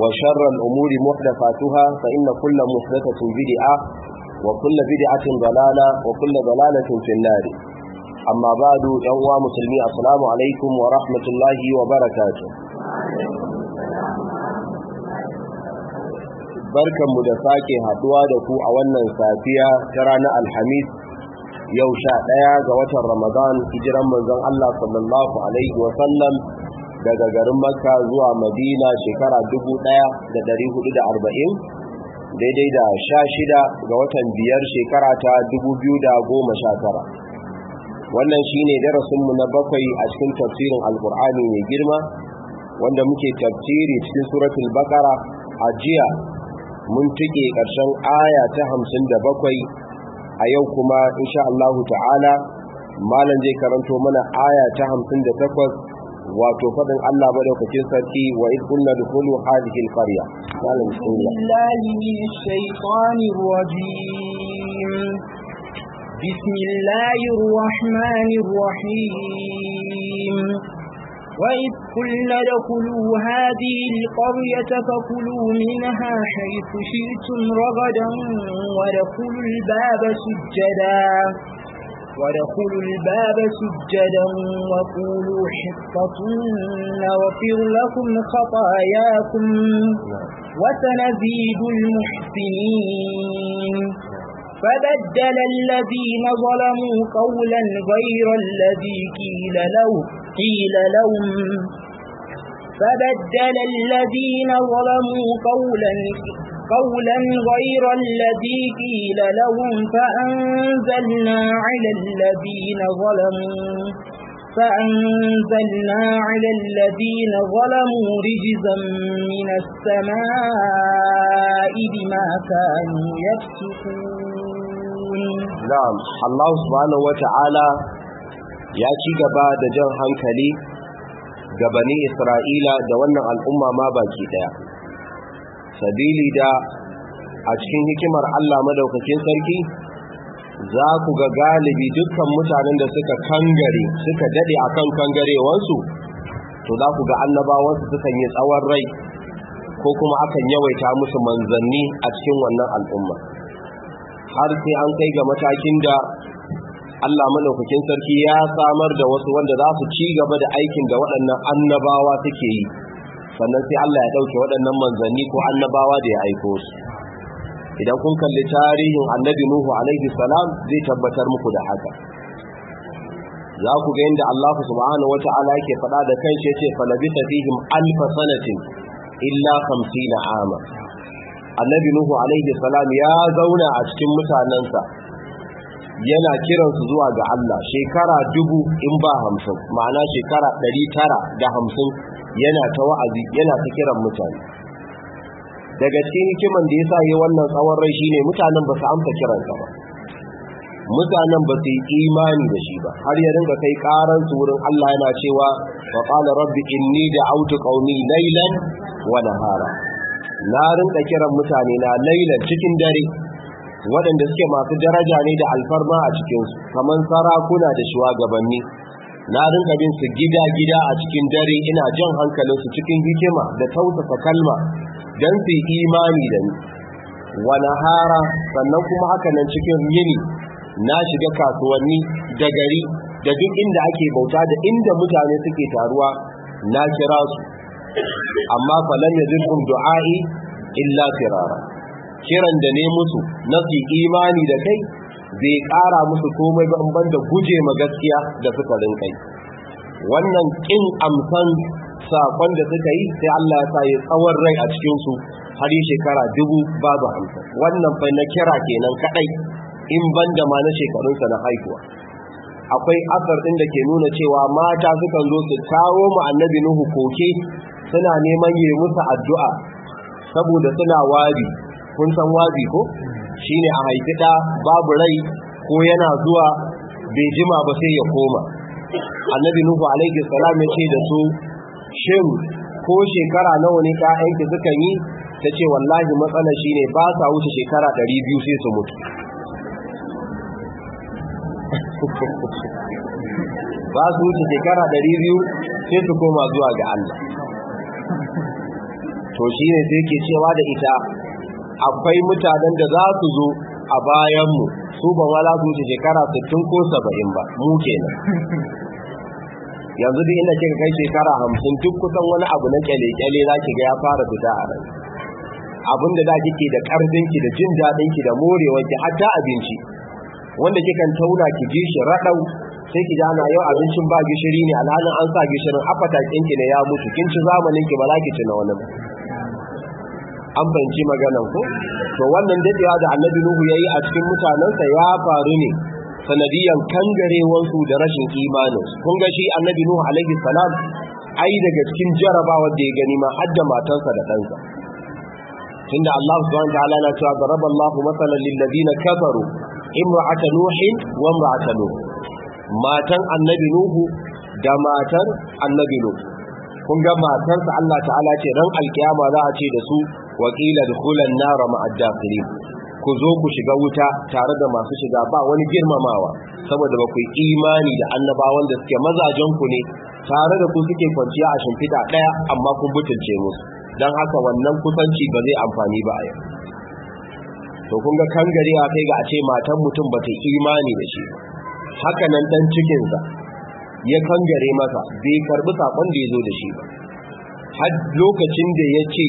وشر الأمور محدثاتها فإن كل محدثة بدعة وكل بدعة ضلالة وكل ضلالة في النار أما بعد يوم مسلمي السلام عليكم ورحمة الله وبركاته barkanmu da sake haɗuwa da ku a wannan safiya ta ranar alhamis yau sha ɗaya ga watan ramadan hijiran manzon Allah sallallahu alaihi daga garin makka zuwa madina shekara 1440 daidai da sha shida ga watan biyar shekara ta goma 2019 wannan shine darasinmu na bakwai a cikin tafsirin alkur'ani mai girma wanda muke tafsiri cikin suratul bakara a jiya mun tuke ƙarshen aya ta hamsin da bakwai a yau kuma insha ta'ala malam zai karanto mana aya ta hamsin da takwas wato fadin Allah madaukakin sarki wa in kunna dukulu hadhihi alqarya salam بسم الله الرحمن الرحيم وإذ كل دخلوا هذه القرية فكلوا منها حيث شئتم رغدا ودخلوا الباب سجداً وادخلوا الباب سجدا وقولوا حطة نغفر لكم خطاياكم وسنزيد المحسنين فبدل الذين ظلموا قولا غير الذي قيل له قيل لهم فبدل الذين ظلموا قولا قولا غير الذي قيل لهم فأنزلنا على الذين ظلموا فأنزلنا على الذين ظلموا رجزا من السماء بما كانوا يفسقون نعم الله سبحانه وتعالى ياتي بعد gaba da jan إسرائيل ga الأمة ما باكي wannan sabili da a cikin hikimar Allah madaukakin sarki za ku ga galibi dukkan mutanen da suka kangare suka dade akan kangarewansu to za ku ga annabawansu sukan yi tsawon rai ko kuma akan yawaita musu manzanni a cikin wannan al'umma har sai an kai ga matakin da Allah madaukakin sarki ya samar da wasu wanda za su ci gaba da aikin da waɗannan annabawa suke yi sannan sai Allah ya ɗauke waɗannan manzanni ko annabawa da ya aiko su idan kun kalli tarihin annabi nuhu alaihi salam zai tabbatar muku da haka za ku ga inda Allah subhanahu wata'ala yake faɗa da kai ce yace falabita fihim alfa sanatin illa 50 ama annabi nuhu alaihi salam ya zauna a cikin mutanansa yana kiransu zuwa ga Allah shekara dubu in ba hamsin ma'ana shekara ɗari tara da hamsin yana ta wa'azi yana ta kiran mutane daga cikin hikiman da yasa yi wannan tsawon rai shine mutanen ba su amsa kiransa ba mutanen ba su yi imani da shi ba har ya dinga kai karan su wurin Allah yana cewa wa qala rabbi inni da'awtu qaumi laylan wa nahara na rinka kiran mutane na laylan cikin dare waɗanda suke masu daraja ne da alfarma a cikinsu kamar sarakuna da shugabanni na rinka bin su gida gida a cikin dare ina jan hankalin su cikin hikima da tausasa kalma dan su imani da ni wa nahara sannan kuma haka nan cikin yini na shiga kasuwanni da gari da duk inda ake bauta da inda mutane suke taruwa na kira su amma falan yazidhum du'ai illa firara kiran da ne musu na su imani da kai Zai ƙara musu komai ba ban da guje ma gaskiya da suka rinka wannan kin amsan sakon da suka yi sai Allah ya sa ya tsawon rai a cikin su har yi shekara dubu babu hamsin wannan fa na kira kenan kadai in ban da ma na shekarunsa na haihuwa akwai asar ɗin da ke nuna cewa mata sukan zo su kawo mu annabi nuhu koke suna neman yi musu addu'a saboda suna wabi kun san wabi ko shine a haifi ɗa babu rai ko yana zuwa bai jima ba sai ya koma annabi nuhu alaihi salam ya ce da su shin ko shekara nawa ne aiki sukan yi ta ce wallahi matsalar shine ba sa wuce shekara ɗari biyu sai su mutu ba su wuce shekara ɗari biyu sai su koma zuwa ga Allah to shine sai ke cewa da ita akwai mutanen da za su zo a bayanmu su ba ma za su wuce shekara 60 ko 70 ba mu kenan yanzu da ina kika kai shekara hamsin, duk kusan wani abu na kyale-kyale za ki ga ya fara fita a rai abin da za ke da karfin ki da jin daɗin ki da morewar ki hatta abinci wanda kikan tauna ki ji shi radau sai ki jana yau abincin ba gishiri ne alhalin an sa gishirin apata ki ne ya mutu kin ci zamanin ki ba za ki ci na wani ba an fahimci maganan ko to wannan dadewa da annabi nuhu yayi a cikin mutanensa ya faru ne sanadiyan kangarewansu da rashin imanin kun ga shi annabi nuhu alaihi salam ai daga cikin jarabawa da ya gani ma har da matarsa da ɗansa tunda Allah subhanahu wa ta'ala na cewa daraba Allahu masalan lil ladina kafaru imra'ata nuhin wa imra'ata nuh matan annabi nuhu da matar annabi Nuhu. kun ga matarsa Allah ta'ala ce ran alkiyama za a ce da su Wakilar qila dukhulan nar ku zo ku shiga wuta tare da masu shiga ba wani girmamawa saboda ba ku imani da annabawan da suke mazajen ku ne tare da ku suke kwanciya a shimfiɗa ɗaya amma kun butulce musu don haka wannan kusanci ba zai amfani ba a yau to kun ga kangare a kai ga a ce matan mutum ba ta imani da shi haka nan dan cikinsa ya kangare masa bai karɓi sakon da ya zo da shi ba har lokacin da ya ce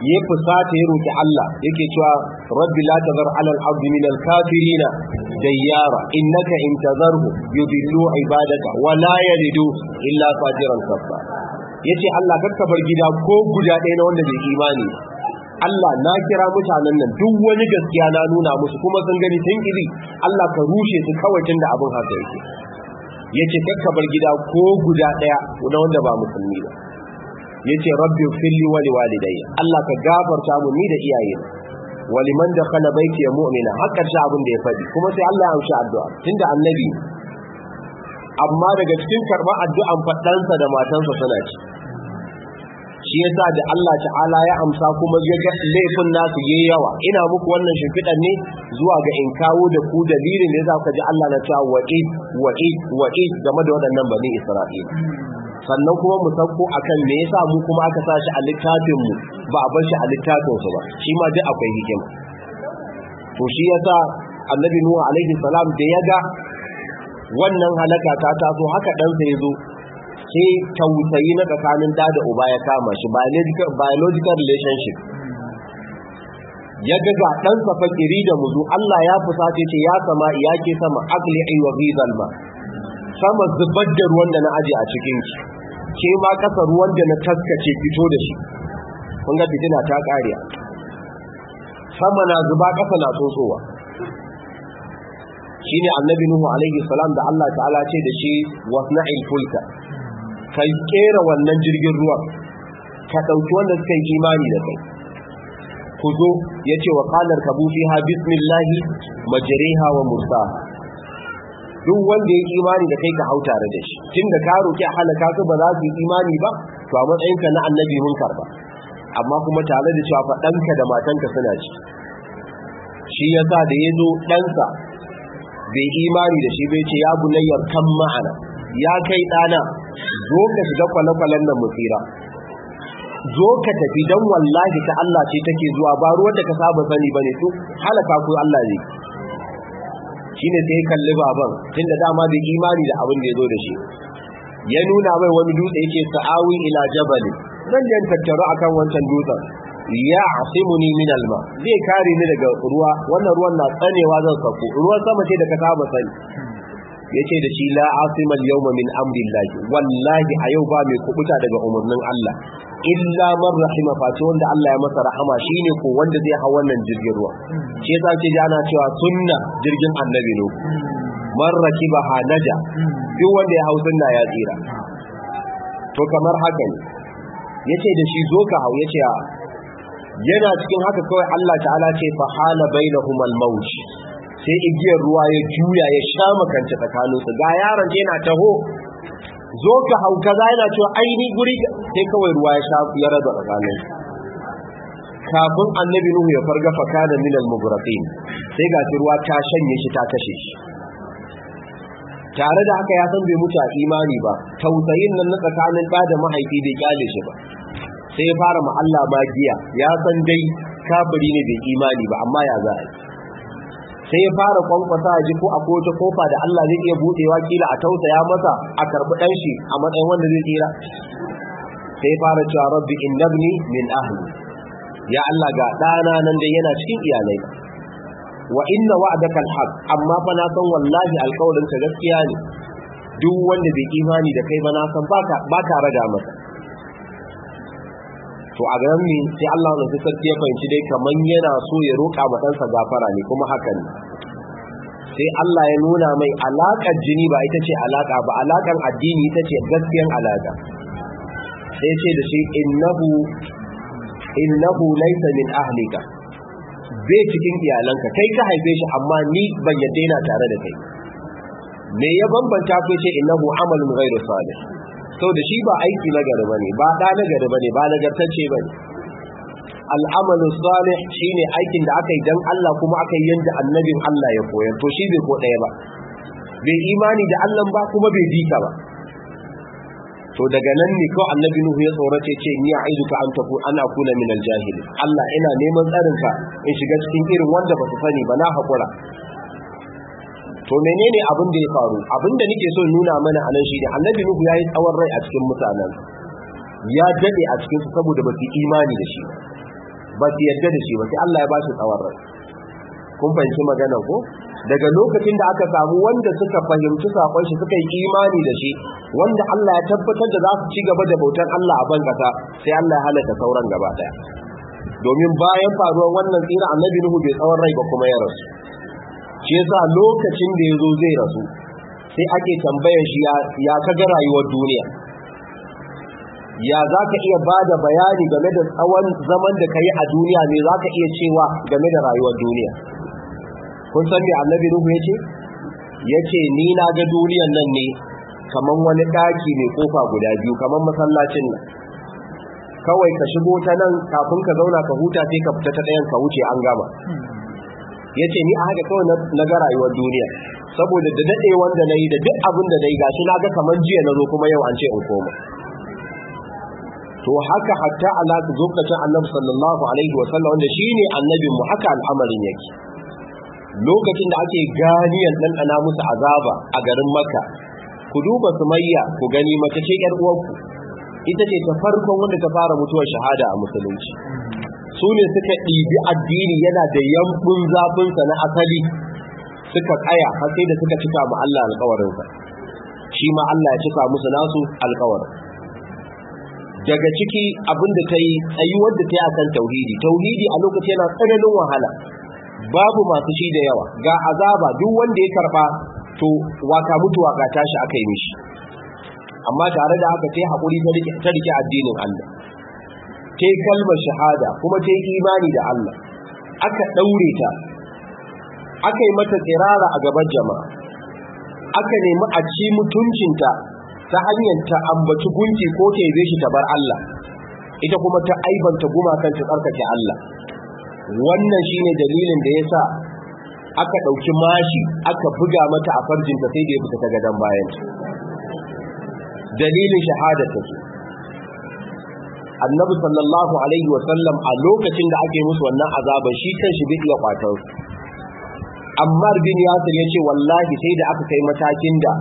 ya fusata ya roki Allah yake cewa rabbi la tazar ala al-ardi min al-kafirina dayyara innaka in tazarhu yudillu ibadaka wa la yalidu illa fajiran kafara yace Allah karka bar gida ko guda ɗaya na wanda bai imani Allah na kira mutanen nan duk wani gaskiya na nuna musu kuma sun gani tun iri Allah ka rushe su kawai tunda abin haka yake yace karka bar gida ko guda ɗaya na wanda ba musulmi ba yace rabbi filli wa liwalidayya Allah ka gafarta mu ni da iyaye wa liman kana baiti mu'mina hakkar shi abin da ya faɗi kuma sai Allah ya amshi addu'a tunda annabi amma daga cikin karɓar addu'an faɗansa da matansa suna ci shi yasa da Allah ta'ala ya amsa kuma ya ga laifin nasu yayi yawa ina muku wannan shimfiɗan ne zuwa ga in kawo da ku dalilin da za ku ji Allah na cewa wa'id wa'id wa'id game da waɗannan bani Isra'ila sannan kuma mu sauko akan me yasa mu kuma aka sa shi a littafin mu ba a bar shi a littafin su ba shi ma duk akwai hikima to shi yasa annabi nuhu alaihi salam da ya ga wannan halaka ta taso haka ɗansa ya zo sai tausayi na tsakanin da da uba ya kama shi biological relationship ya ga ga ɗansa fakiri da muzu Allah ya fusace ce ya sama ya ke sama akli wa ghizal ma sama zubar da ruwan da na aje a cikin ki ke ma kasa ruwan da na taskace fito da shi kun ga fitina ta kariya sama na zuba kasa na tsotsowa shine annabi nuhu alaihi salam da Allah ta'ala ce da shi wasna'il fulka kai kera wannan jirgin ruwan ka dauki wanda suka yi imani da kai ku zo yace wa qalar kabu fiha bismillah majriha wa mursaha duk wanda ya imani da kai ka hau tare da shi Tun da ka roƙi a halaka su ba za su yi imani ba to a matsayinka na annabi mun karba amma kuma tare da cewa ɗanka da matanka suna ci shi ya sa da ya zo ɗansa bai imani da shi bai ce ya bunayyar kan ma'ana ya kai ɗana zo ka shiga kwale-kwalen nan musira zo ka tafi don wallahi ta Allah ce take zuwa ba ruwan da ka saba sani ba ne to halaka ku Allah ne shine sai ya kalli baban tunda dama bai imani da abin da ya zo da shi ya nuna mai wani dutse yake sa'awi ila jabali zan je tattaru akan wancan dutsen ya asimuni min alma zai kare ni daga ruwa wannan ruwan na tsanewa zan sako ruwan sama ce da ka saba sani yace da shi la asima al-yawma min amrillahi wallahi a yau ba mai kubuta daga umarnin Allah illa man rahima fati wanda Allah ya masa rahama shine ko wanda zai hau wannan jirgin ruwa shi yasa ce ana cewa sunna jirgin annabi ne man rakiba hanaja duk wanda ya hau sunna ya tsira to kamar haka ne yace da shi zo ka hau yace yana cikin haka kawai Allah ta'ala ce fa hala humal al-mawj sai igiyar ruwa ya juya ya sha makanta tsakaninsu ga yaron yana taho zo ka hau kaza yana cewa aini guri sai kawai ruwa ya sha ya raba tsakaninsu kafin annabi nuhu ya farga faka da minal mugrafin sai ga ruwa ta shanye shi ta kashe shi tare da haka ya san bai mutu a imani ba tausayin nan na tsakanin ɗa da mahaifi bai kyale shi ba sai ya fara ma Allah magiya ya san dai kafiri ne bai imani ba amma ya za a yi sai ya fara kwankwasa a ji ko a kota kofa da Allah zai iya buɗewa kila a tausaya masa a karɓi ɗan shi a matsayin wanda zai tsira sai fara cewa rabbi innabni min ahli ya Allah ga dana nan dai yana cikin iyalai wa inna wa'daka alhaq amma fa na san wallahi alƙawarin ka gaskiya ne duk wanda bai imani da kai ba na san baka baka raga masa to a ganin mi sai Allah wanda sarki ya fahimci dai kaman yana so ya roƙa ma ɗansa gafara ne kuma haka ne sai Allah ya nuna mai alaƙar jini ba ita ce alaƙa ba alaƙar addini ita ce gaskiyan alaƙa sai ce da shi innahu innahu laysa min ahlika bai cikin iyalanka kai ka haife shi amma ni ban yadda yana tare da kai me ya bambanta ko ce innahu amalun ghairu salih saboda shi ba aiki na gari bane ba da na gari bane ba nagartacce bane al'amalu salih shine aikin da aka yi dan Allah kuma aka yi yanda annabin Allah ya koya, to shi bai ko daya ba bai imani da Allah ba kuma bai dika ba to daga nan ne kawai annabi nuhu ya tsorace ce ni a'iduka an taku ana kuna min aljahil Allah ina neman tsarin ka in shiga cikin irin wanda ba su sani ba na hakura to menene abin da ya faru abin da nake so nuna mana anan shi ne annabi nuhu yayi tsawon rai a cikin mutanen ya dade a cikin su saboda ba su imani da shi ba su yadda da shi ba sai Allah ya ba su tsawon rai kun fahimci magana ko daga lokacin da aka samu wanda suka fahimci sakon shi suka yi imani da shi wanda Allah ya tabbatar da za su ci gaba da bautar Allah a ban kasa sai Allah ya halaka sauran gaba daya domin bayan faruwar wannan tsira annabi nuhu bai tsawon rai ba kuma ya rasu shi yasa lokacin da yazo zai rasu sai ake tambayar shi ya kaga rayuwar duniya ya zaka iya bada bayani game da tsawon zaman da ka a duniya ne za iya cewa game da rayuwar duniya kun san me annabi ruhu ya ce ya ni na ga duniyar nan ne kaman wani ɗaki mai kofa guda biyu kamar masallacin nan kawai ka shigo ta nan kafin ka zauna ka huta sai ka fita ta ɗayan ka wuce an gama hmm. ya ce ni a haka kawai na ga rayuwar duniya saboda da daɗe wanda na yi da duk abin da na yi gashi na ga kamar jiya na zo kuma yau an ce in koma to haka hatta ala ta kacin annabi sallallahu alaihi wa wanda shi annabin mu haka al'amarin yake lokacin da ake ganiyan ɗanɗana musu azaba a garin Makka ku duba sumayya ku gani mace ce yar uwarku ita ce ta farkon wanda ta fara mutuwar shahada a musulunci su ne suka ɗibi addini yana da yankun zafinsa na asali suka tsaya har sai da suka cika ma Allah alkawarinsa shi ma Allah ya cika musu nasu alkawarin daga ciki abin da ta yi tsayuwar da ta yi akan tauhidi tauhidi a lokaci yana tsananin wahala babu masu shi da yawa ga azaba duk wanda ya karba to waka mutuwa ga tashi aka yi mishi amma tare da haka sai haƙuri ta rike addinin Allah ta yi kalmar shahada kuma ta yi imani da Allah aka ɗaure ta aka yi mata tsirara a gaban jama'a aka nemi a ci mutuncinta ta hanyar ta ambaci gunki ko ta yi shi ta bar Allah ita kuma ta aibanta gumakan ta tsarkake Allah wannan shine dalilin da ya sa aka ɗauki mashi aka buga mata a farjinta sai da ya fita ta gadon bayan dalilin shahada ce annabi sallallahu alaihi wasallam a lokacin da ake musu wannan azaban shi kan shi bai iya kwatar ammar bin yasir ya ce wallahi sai da aka kai matakin da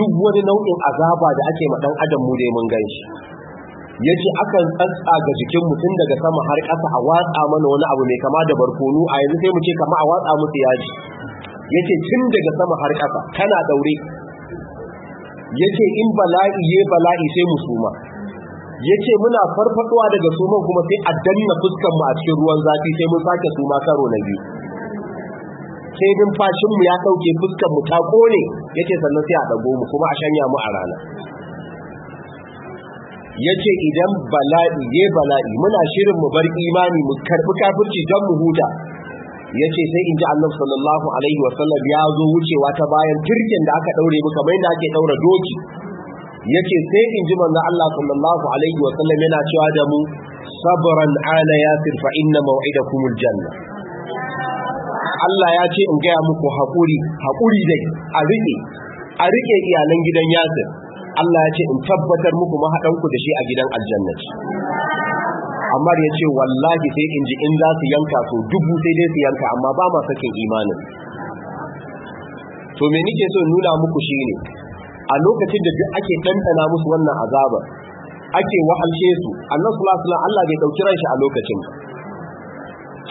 duk wani nau'in azaba da ake ma dan adam mu dai mun ganshi. shi ya ce akan tsatsa ga jikin mutum daga sama har ƙasa a watsa mana wani abu mai kama da barkono a yanzu sai mu ce kama a watsa musu yaji ya ce tun daga sama har ƙasa kana daure ya ce in bala'i ye bala'i sai mu suma yace muna farfadowa daga suman kuma sai a danna fuskan mu a cikin ruwan zafi sai mun sake suma karo na biyu sai numfashin mu ya dauke fuskan mu ta kone yace sannan sai a dago mu kuma a shanya mu a rana yace idan bala'i ya bala'i muna shirin mu bar imani mu karbi kafirci don mu huta yace sai inji Allah sallallahu alaihi wasallam ya zo wucewa ta bayan turken da aka daure mu kamar yadda ake daura doki Yake sai in ji manzo Allah sallallahu alaihi wa sallam yana cewa da mu sabran ala yasir fa inna maw'idakumul janna Allah ya ce in gaya muku haƙuri hakuri dai a riƙe a rike iyalan gidan yasir Allah ya ce in tabbatar muku ku da shi a gidan aljanna Ammar ya ce wallahi sai in ji in za su yanka su, dubu sai dai su yanka amma ba ma sakin imanin to me nike so nuna muku shine a lokacin da ake ɗanɗana musu wannan azabar ake wahalshe su annan sulasula Allah bai ɗauki ranshi a lokacin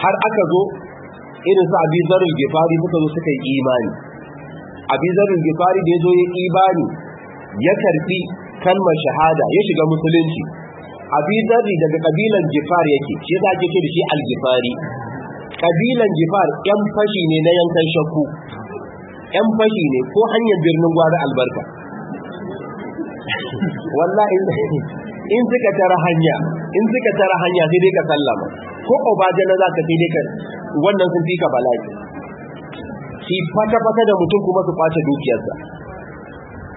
har aka zo irin su abi gifari suka zo suka yi imani abi gifari da ya zo ya imani ya karɓi kalmar shahada ya shiga musulunci abi zarri daga kabilan gifar yake shi za ke da shi al-gifari kabilan gifar yan fashi ne na yankan shakku yan fashi ne ko hanyar birnin gwari albarka wallahi in suka tara hanya in suka tara hanya sai dai ka sallama ko obajana za ka sai dai ka wannan sun fi ka bala'i shi fata-fata da mutum kuma su kwace dukiyarsa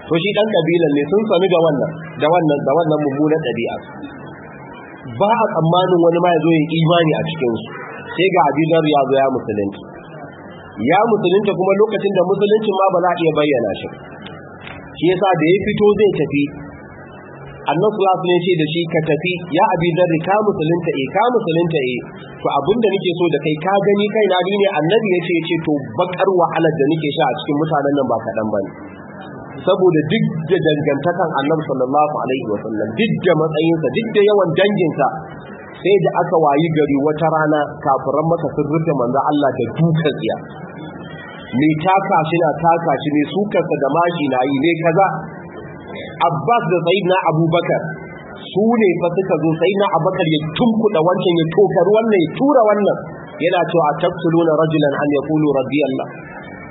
to shi dan kabilan ne sun sanu da wannan da wannan da wannan mummunan ɗabi'a ba a tsammanin wani ma ya zo yin imani a cikinsu sai ga abidar ya zo ya musulunci ya Musulunci kuma lokacin da musuluncin ma ba za a iya bayyana shi shi yasa da ya fito zai tafi annabi sallallahu alaihi ce da shi ka tafi ya abi zarri ka musulunta e ka musulunta e to abinda nake so da kai ka gani kai na ne annabi ya ce ce to bakar wahalar da nake sha a cikin mutanen nan ba kaɗan bane saboda duk da dangantakan annabi sallallahu alaihi wa sallam duk da matsayinsa duk da yawan danginsa sai da aka wayi gari wata rana kafiran maka sun rufe manzo Allah da dukan tsiya mai taka shi na taka shi mai sukarsa da mashi na yi ne kaza abbas da sayid na abubakar su ne fa suka zo sayid na abubakar ya tunkuɗa wancan ya tokar wannan ya tura wannan yana cewa taqtuluna rajulan an yaqulu rabbi allah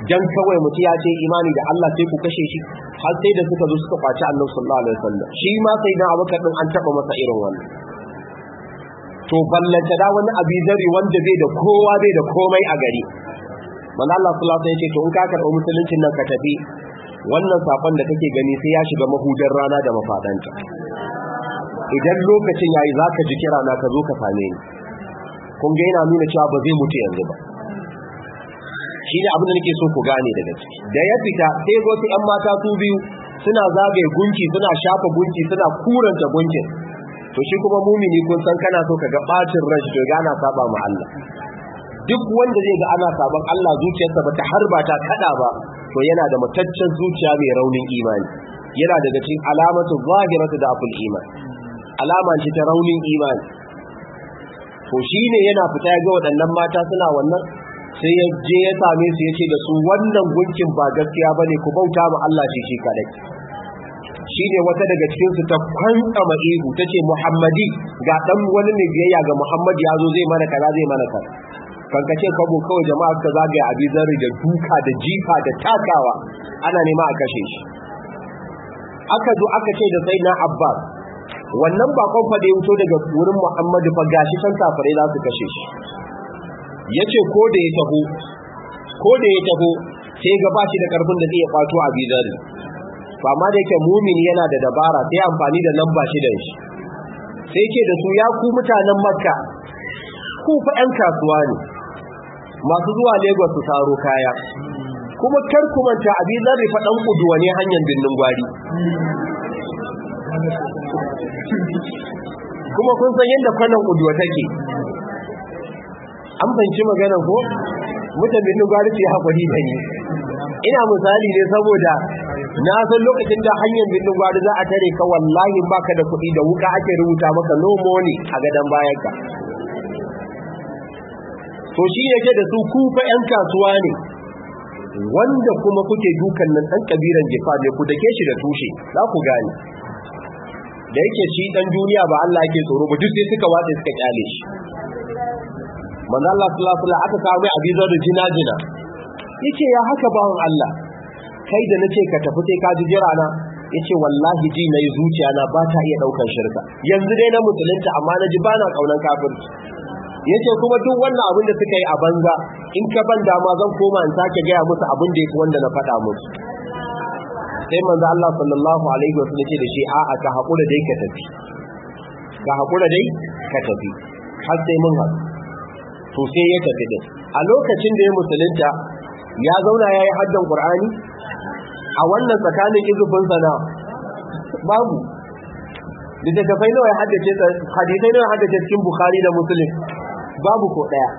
dan kawai mutu ya ce imani da Allah sai ku kashe shi har sai da suka zo suka kwaci annabi sallallahu alaihi wasallam shi ma sai dan abubakar din an taba masa irin wannan to ballanta da wani zari wanda zai da kowa bai da komai a gari manzo Allah sallallahu alaihi wasallam ya ce to in ka karɓi musuluncin nan ka tafi wannan sakon da kake gani sai ya shiga mahudar rana da mafadanta idan lokacin yayi zaka ji kira na ka zo ka same ni kun ga yana nuna cewa ba zai mutu yanzu ba shi ne abin da nake so ku gane daga ciki da ya fita sai wasu 'yan mata su biyu suna zagaye gunki suna shafa gunki suna kuranta gunkin to shi kuma mumini kun san kana so ka ga bacin ran to gana ana saba ma Allah duk wanda zai ga ana sabon Allah zuciyarsa ba ta harba ta kada ba to yana da mataccen zuciya mai raunin imani yana daga cikin alamatu zahiratu da aful iman alama ce ta raunin imani to shine yana fita ga waɗannan mata suna wannan sai ya je ya same su yace da su wannan gunkin ba gaskiya bane ku bauta ma Allah shi shi kadai shine wata daga cikin su ta kwanta ma'ihu tace Muhammadi ga dan wani ne biyayya ga Muhammad ya zo zai mana kaza zai mana kaza kankace kwabo kawai jama'a ka zagaya abin zarri da duka da jifa da takawa ana nema a kashe shi aka zo aka ce da sai na abbas wannan bakon fa da ya wuto daga wurin muhammadu fa gashi san safare za su kashe shi ya ce ko da ya taho ko da ya taho sai ga bashi da karfin da zai iya kwato a zarri ba ma da yake mumin yana da dabara sai amfani da lamba shi da shi sai ke da su ya ku mutanen makka ku fa 'yan kasuwa ne masu zuwa Lagos su saro kaya kuma kar ku manta abin zan rufe dan kuduwa ne hanyar binnin gwari kuma kun san yadda kwanan kuduwa take an fanci magana ko mutan binnin gwari ce hakuri ta ni ina misali ne saboda na san lokacin da hanyar birnin gwari za a tare ka wallahi baka da kuɗi da wuka ake rubuta maka no money a gadon bayanka to shi yake da su kufa yan kasuwa ne wanda kuma kuke dukan nan ɗan kabiran jifa ne ku dake shi da tushe za ku gane da yake shi dan duniya ba Allah yake tsoro ba duk sai suka wace suka kyale shi manzo Allah sallallahu alaihi wasallam aka kawo mai abizar da jinajina yace ya haka wani Allah kai da nace ka tafi sai ka ji jira na yace wallahi ji nayi zuciya na ba ta iya daukar shirka yanzu dai na musulunta amma na naji bana kaunan kafirci yace kuma duk wannan abin da suka yi a banza in ka ban dama zan koma in sake gaya musu abin da yake wanda na faɗa musu sai manzo Allah sallallahu alaihi wasallam ce da shi a'a ka haƙura dai ka tafi ka haƙura dai ka tafi har sai mun haɗu to sai ya tafi din a lokacin da ya musulunta ya zauna ya yi haddan Qur'ani a wannan tsakanin izubin sana babu littattafai nawa ya haddace hadisai nawa ya haddace cikin Bukhari da Muslim babu ko ɗaya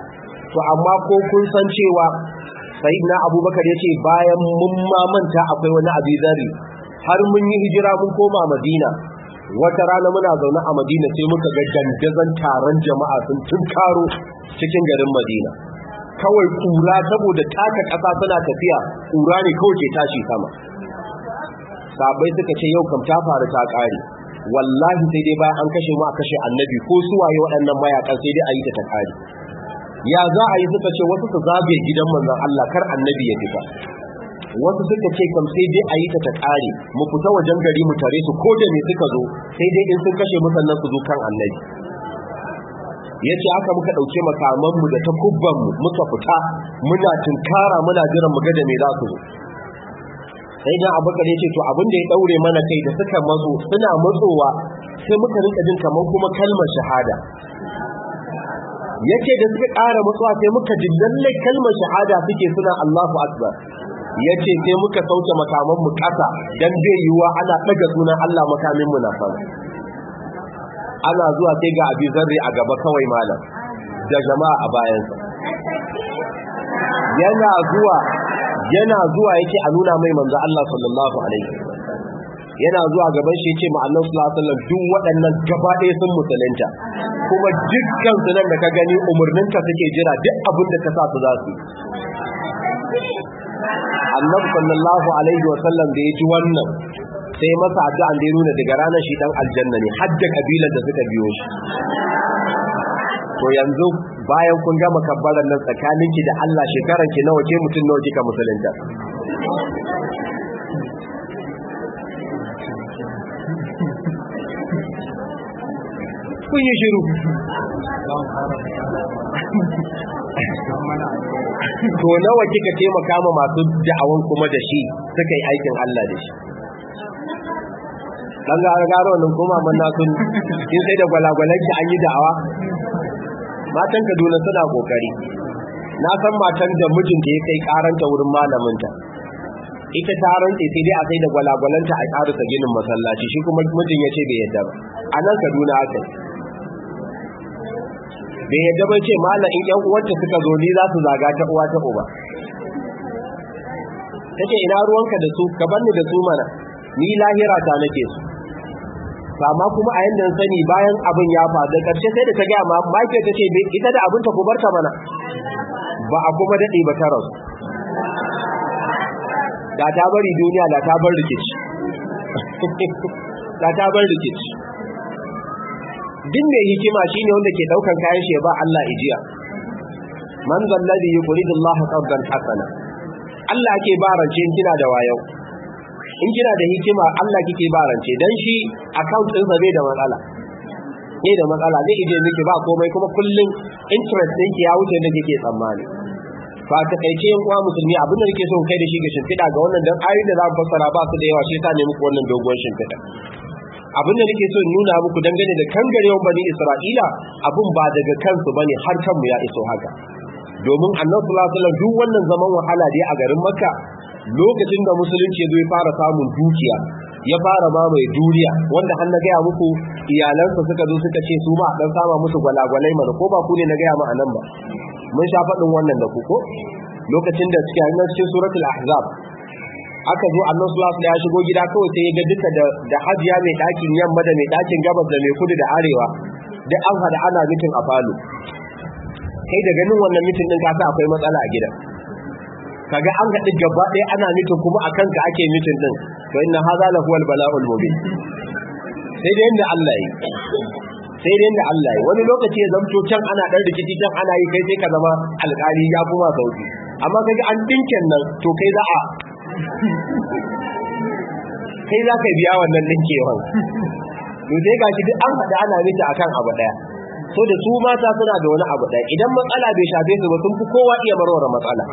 to amma ko kun san cewa sayyidina abubakar ya ce bayan mun manta akwai wani abizari har mun yi hijira mun koma madina wata rana muna zaune a madina sai muka ga dandazon taron jama'a sun tun karo cikin garin madina kawai kura saboda taka ƙasa suna tafiya kura ne kawai ke tashi sama sabai suka ce yau kam ta faru ta ƙare wallahi sai dai bayan an kashe mu a kashe annabi ko suwaye waɗannan mayakan sai dai a yi ta takari ya za a yi suka ce wasu su zagaye gidan manzon Allah kar annabi ya fita wasu suka ce kam sai dai a yi ta takari mu fita wajen gari mu tare su ko da me suka zo sai dai in sun kashe mu sannan su zo kan annabi yace aka muka dauke makaman mu da takubban mu muka fita muna tunkara muna jiran mu ga da me za su zo sai da abubakar ya ce to abin da ya daure mana kai da suka matso suna matsowa sai muka rinka jin kamar kuma kalmar shahada yace da suka ƙara matsuwa sai muka ji lalle kalmar shahada suke suna Allahu akbar yace sai muka sauke makaman mu ƙasa dan bai yiwa ana daga sunan Allah makamin mu na fara ana zuwa sai ga Abi Zarri a gaba kawai malam da jama'a a bayansa yana zuwa yana zuwa yake a nuna mai manzo Allah sallallahu alaihi yana zuwa gaban shi yace ce Allah sallallahu alaihi wasallam duk waɗannan gaba ɗaya sun musulunta kuma dukkan su nan da ka gani umurninka suke jira duk abin da ka sa su za su Allah sallallahu alaihi wasallam da ya ji wannan sai masa addu'an da ya nuna daga ranar shi dan aljanna ne hadda kabilar da suka biyo shi to yanzu bayan kun gama kabbalar nan tsakanin ki da Allah shekaran ki nawa ke mutum nawa kika musulunta kun yi shiru to nawa kika taimaka ma masu da'awan kuma da shi suka yi aikin Allah da shi dan ga garo nan kuma mun na sun kin sai da gwalagwalan ki an yi da'awa matan kaduna suna kokari na san matan da mijinta ya kai karanta wurin malaminta ita ta rantse sai dai a sai da gwalagwalanta a ta ginin masallaci shi kuma mijin ya ce bai yadda ba a nan kaduna aka bai yadda ba ce malam in yan uwarta suka zo ni za su zaga ta uwa ta uba ta ce ina ruwanka da su ka bar ni da su mana ni lahira ta nake su amma kuma a yanda sani bayan abin ya faru da karshe sai da ta gaya ma mahaifiyar ta ce ita da abin ta ku barta mana ba a kuma daɗe ba ta rasu da ta bari duniya da ta bar rikici da ta bar rikici din mai hikima shine wanda ke daukan kayan shi ba Allah ijiya man zalladhi yuridu Allah qardan hasana Allah ke ba rance kina da wayo in kina da hikima Allah kike ba rance dan shi account din sa bai da matsala bai da matsala zai ije miki ba komai kuma kullun interest din ki ya wuce da kike tsammani fa ta kaice yan musulmi abin da kike so kai da shi ga shimfiɗa ga wannan dan ayi da za ku fassara ba su da yawa shi ta ne muku wannan dogon shimfiɗa abin da nake so nuna muku dangane da kangarewan bani Isra'ila abun ba daga kansu bane har kanmu ya iso haka domin annabi sallallahu alaihi wasallam duk wannan zaman wahala da a garin Makka lokacin da musulunci ya fara samun dukiya ya fara mai duniya wanda har na gaya muku iyalansa suka zo suka ce su ba dan sama musu gwalagwalai mana ko ba ku ne na gaya ma anan ba mun sha faɗin wannan da ku ko lokacin da suke hanyar cikin suratul ahzab aka zo a sulasu da ya shigo gida kawai sai ya ga duka da hajiya mai ɗakin yamma da mai ɗakin gabas da mai kudu da arewa da an hada ana mitin a falo kai da ganin wannan mitin ɗin kasa akwai matsala a gidan kaga an haɗu gaba ɗaya ana mitin kuma a kanka ake mitin ɗin to inna haza la huwal bala'ul mubin sai da inda Allah yi sai dai inda Allah yi wani lokaci ya zamto can ana ɗan rikici can ana yi kai sai ka zama alƙali ya kuma sauki amma kaga an ɗinkin nan to kai za a kai za ka biya wannan ɗinkewan to sai ga duk an haɗu ana mita akan abu ɗaya so da su mata suna da wani abu ɗaya idan matsala bai shafe su ba sun fi kowa iya barwar matsala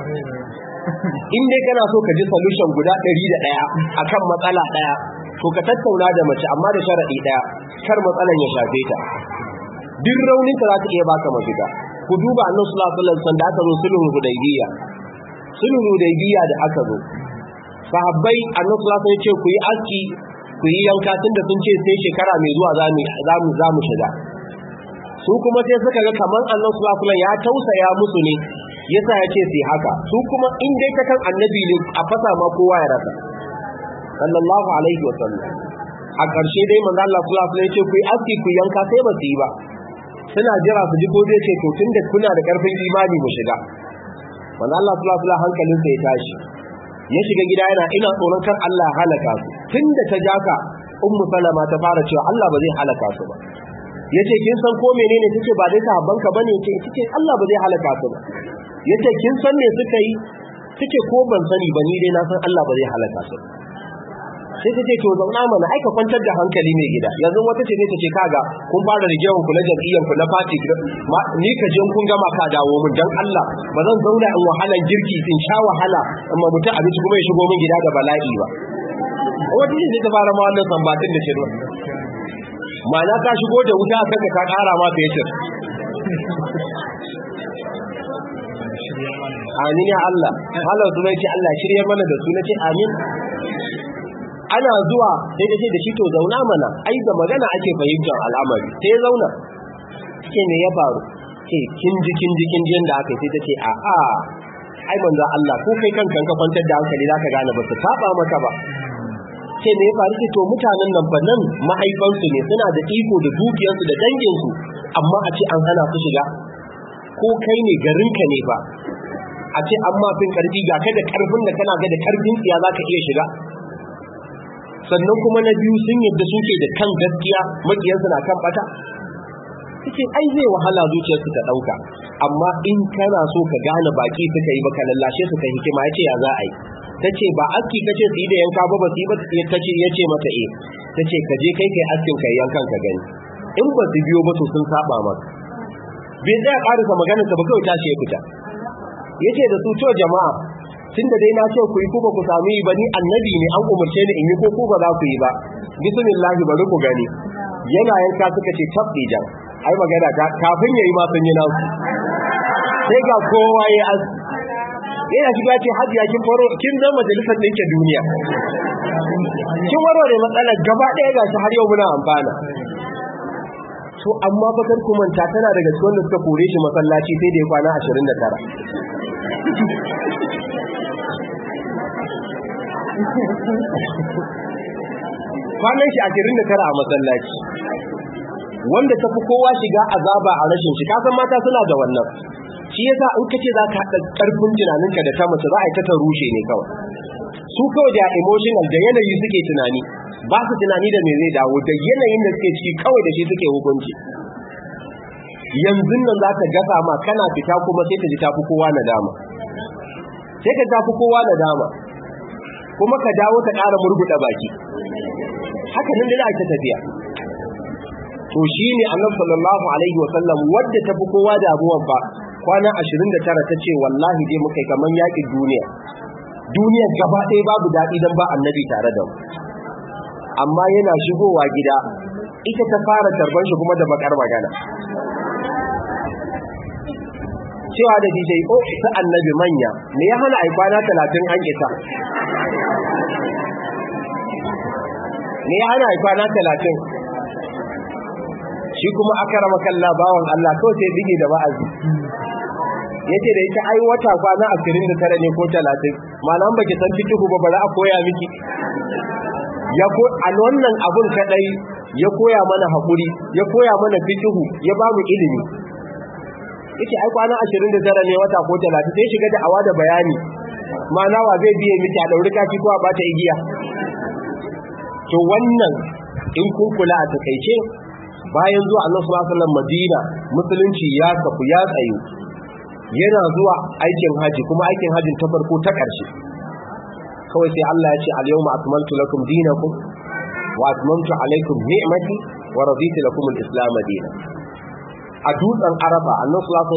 in dai kana so ka ji solution guda ɗari da ɗaya akan matsala ɗaya to ka tattauna da mace amma da sharadi ɗaya kar matsalan ya shafe ta duk raunin ta za ta iya baka mafita ku duba annabi sallallahu alaihi wasallam da aka zo sulhu hudaybiyya sulhu hudaybiyya da aka zo sahabbai annabi sallallahu alaihi wasallam ya ce ku yi aski ku yi yanka tunda sun ce sai shekara mai zuwa za mu shiga su kuma sai suka ga kamar annabi sallallahu alaihi wasallam ya tausaya musu ne yasa ya ce sai haka su kuma in dai ta kan annabi ne a fasa ma kowa ya rasa sallallahu alaihi wa sallam a ƙarshe dai manzo Allah sallallahu alaihi ce ku aski ku yanka sai ba su yi ba suna jira su ji ko zai ce to tunda kuna da karfin imani mu shiga manzo Allah sallallahu alaihi hankalin sa ya tashi ya shiga gida yana ina tsoron kar Allah halaka su tunda ta jaka ummu salama ta fara cewa Allah ba zai halaka su ba yace kin san ko menene kike ba dai sahabban ka bane yake kike Allah ba zai halaka su ba yace kin san me suka yi kike ko ban sani ba ni dai na san Allah ba zai halaka su sai kace to zauna mana aika kwantar da hankali mai gida yanzu wata ce ne tace kaga kun fara rigewa ku na jam'iyyar ku na party ni ka je kun gama ka dawo mun dan Allah ba zan zauna in wahala girki in sha wahala amma mutum abinci kuma ya shigo min gida da bala'i ba wata ne ta fara ma wannan sambatin da shirwa ma'ana ka shigo da wuta a kanka ka kara ma fetur amin ya Allah halar su ce Allah shirya mana da su na ce amin ana zuwa sai da ce da shi to zauna mana ai da magana ake fahimtar al'amari sai zauna ke ne ya faru ke kin ji kin ji kin ji yanda aka sai ta ce a a ai manzo Allah ko kai kanka ka kwantar da hankali zaka gane ba su saba maka ba ce me ya faru to mutanen nan ba nan mahaifansu ne suna da iko da dukiyarsu da danginsu amma a ce an hana su shiga ko kai ne garinka ne ba a ce an mafin karfi ga kai da karfin da kana ga da karfin tsiya za ka iya shiga sannan kuma na biyu sun yadda ke da kan gaskiya makiyarsu na kan bata suke ai zai wahala zuciyarsu ta ɗauka amma in kana so ka gane baki suka yi baka lallashe su ka hikima ya ce ya za a yi ta ce ba aski ka ce su da yanka ba ba su yi ba ta ce ya ce mata e eh. ta ce ka je kai kai askin kai yankan ka gani in ba su biyo ba to sun saba ma bai tsaya ƙarisa maganar ta ba kawai ta ce ya fita ya ce da su to jama'a tun da dai na ce ku yi ku ba ku sami ba ni annabi ne an umarce ni in yi ko ku ba za ku yi ba bismillahi bari ku gani yana yanka suka ce tabbi jan ai magana kafin yayi ma sun yi nasu sai ga kowa ya aski yana shiga ce ya kin faro kin zama majalisar ɗinkin duniya kin warware matsalar gaba ɗaya ga shi har yau muna amfana to amma bakar kumanta tana daga cikin wanda suka kore shi masallaci sai da ya kwana 29 kwanan shi 29 a masallaci wanda ta fi kowa shiga azaba a rashin shi kasan mata suna da wannan shi yasa in kace za ka haɗa ƙarfin tunaninka da ta mace za a yi ta rushe ne kawai su kawai da emotional da yanayi suke tunani ba su tunani da me zai dawo da yanayin da suke ciki kawai da shi suke hukunci yanzu nan za ta gasa ma kana fita kuma sai ta ji tafi kowa nadama sai ka tafi kowa nadama kuma ka dawo ka ƙara murguɗa baki haka nan da za ta tafiya to shine annabi sallallahu alaihi wa sallam wanda tafi kowa damuwan ba kwana 29 ta ce wallahi dai muka yi kamar yaƙin duniya duniya gaba ɗaya babu daɗi don ba annabi tare da mu amma yana shigowa gida ita ta fara tarban shi kuma da bakar magana cewa da DJ o ta annabi manya me ya hana aikwana kwana 30 an isa me ya hana aikwana kwana 30 shi kuma aka rama kalla bawan Allah kawai sai bige da ba'azi yace da ita ai wata kwana 29 ne ko 30 malam baki san fikihu ba bara a koya miki ya ko a wannan abun kadai ya koya mana hakuri ya koya mana fikihu ya ba mu ilimi yace ai kwana 29 ne wata ko 30 sai shiga da awa da bayani mana wa zai biye miki a dauri kaki ko a bata igiya to wannan in kun kula a takaice bayan zuwa Allah subhanahu wa ta'ala Madina musulunci ya kafu ya tsayu yana zuwa aikin haji kuma aikin hajin ta farko ta ƙarshe kawai sai Allah ya ce al-yawma akmaltu lakum dinakum wa atmamtu alaykum ni'mati wa raditu lakum al-islam dinan a dutsen arafa annabi sallallahu